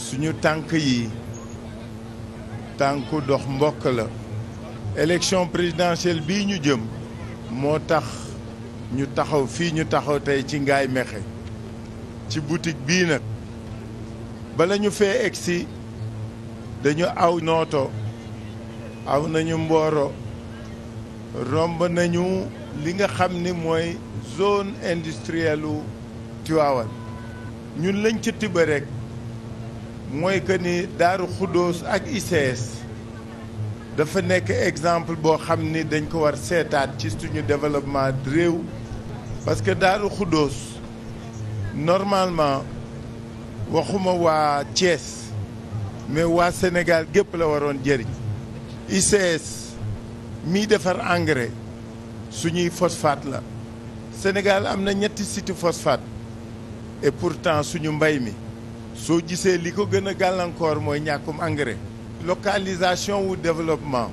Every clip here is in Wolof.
suñu tànk yi tànku dox mbokk la élection présidentielle bii ñu jëm moo tax ñu taxaw fii ñu taxaw tey ci ngay Mékhé ci butik bii nag bala ñu fee egsi dañu aw nooto aw nañu mbooro romb nañu li nga xam ni mooy zone industrielle u ñun lañ ca tiba rek mooy que ni Daaru Xuddoos ak ICS dafa nekk exemple boo xam ni dañ ko war seetaat ci suñu développement réew parce que Daaru Xuddoos normalement waxuma waa Thiès mais waa Sénégal gépp la waroon jëriñ ICS miy defar engrais suñuy phosphate la Sénégal am na ñetti site phosphate et pourtant suñu mbay mi soo gisee li ko gën a gàllankoor mooy ñàkkum engrais. localisation wu développement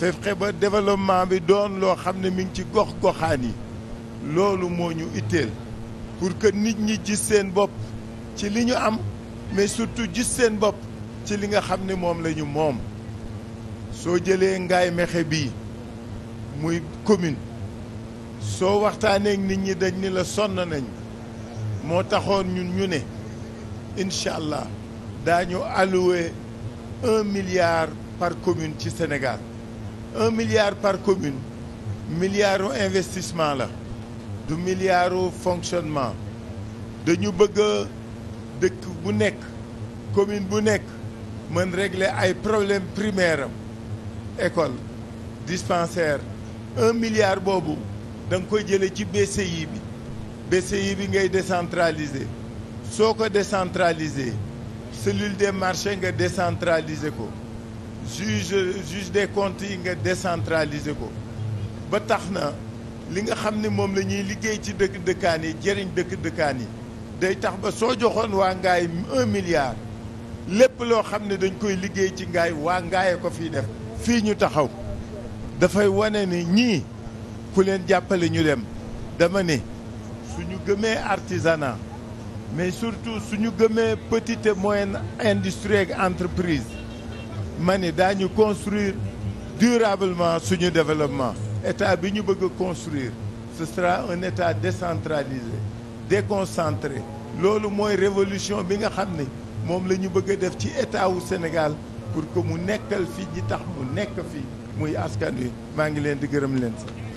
fexe ba développement bi doon loo xam ne mi ngi ci gox goxaan yi loolu moo ñu itteel pour que nit ñi gis seen bopp ci li ñu am mais surtout gis seen bopp ci li nga xam ne moom lañu moom soo jëlee ngay mexe bii muy commune soo waxtaanee ak nit ñi dañ ni la sonn nañ moo taxoon ñun ñu ne. incha allah daañu alloué un milliard par commune ci Sénégal un milliard par commune milliardu investissement la du milliardu fonctionnement dañu bëgg dëkk bu nekk commune bu nekk mën régler ay problème primaire am école dispensaire un milliard boobu da nga koy jële ci BCI bi BCI bi ngay décentraliser soo ko décentraliser cellule des marchés nga décentraliser ko juge juge des comptes yi nga décentraliser ko ba tax na li nga xam ne moom la ñuy liggéey ci dëkk dëkkaan yi jëriñ dëkk dëkkaan yi day tax ba soo joxoon waa ngaay un milliard lépp loo xam ne dañ koy liggéey ci ngaay waa ngaaye ko fii def fii ñu taxaw dafay wane ni ñii ku leen jàppale ñu dem dama ne ñu gëmee artisanat mais surtout suñu gëmee petite et moyenne industrie ak entreprise ma ni daañu construire durablement suñu développement état bi ñu bëgg a construire ce sera un état décentralisé déconcentré loolu mooy révolution bi nga xam ni moom la ñu bëgg a def ci état wu Sénégal pour que mu nekkal fi ñi tax mu nekk fi muy askan wi maa ngi leen di gërëm leen sax